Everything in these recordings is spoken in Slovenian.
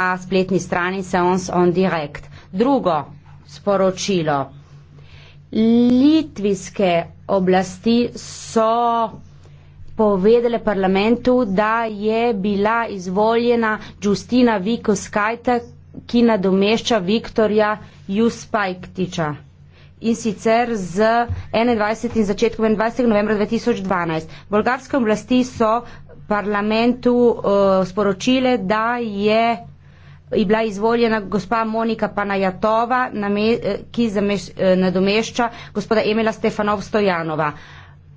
na spletni strani Seance on Direct. Drugo sporočilo. Litvijske oblasti so povedale parlamentu, da je bila izvoljena Justina Viko Skajta, ki nadomešča Viktorja Juspajktiča. In sicer z 21. In začetkom 21. novembra 2012. Bolgarske oblasti so parlamentu uh, sporočile, da je je bila izvoljena gospa Monika Panajatova, eh, ki zameš, eh, nadomešča gospoda Emila Stefanov Stojanova.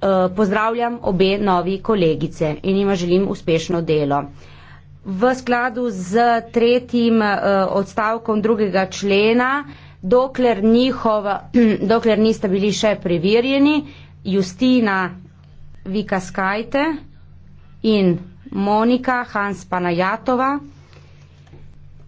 Eh, pozdravljam obe novi kolegice in jima želim uspešno delo. V skladu z tretjim odstavkom drugega člena, dokler, njihova, dokler nista bili še preverjeni, Justina Vika Skajte in Monika Hans Panajatova,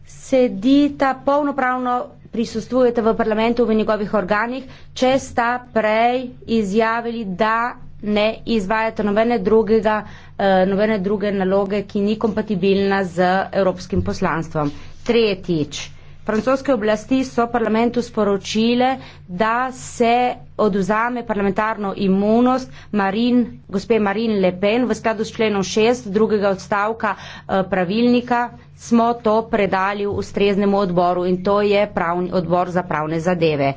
sedita polnopravno prisustvujete v parlamentu v njegovih organih, če sta prej izjavili, da ne izvajate nobene, drugega, eh, nobene druge naloge, ki ni kompatibilna z evropskim poslanstvom. Tretjič francoske oblasti so parlamentu sporočile, da se oduzame parlamentarno imunost Marin, gospe Marin Le Pen v skladu s členom 6 drugega odstavka eh, pravilnika smo to predali v streznemu odboru in to je pravni, odbor za pravne zadeve.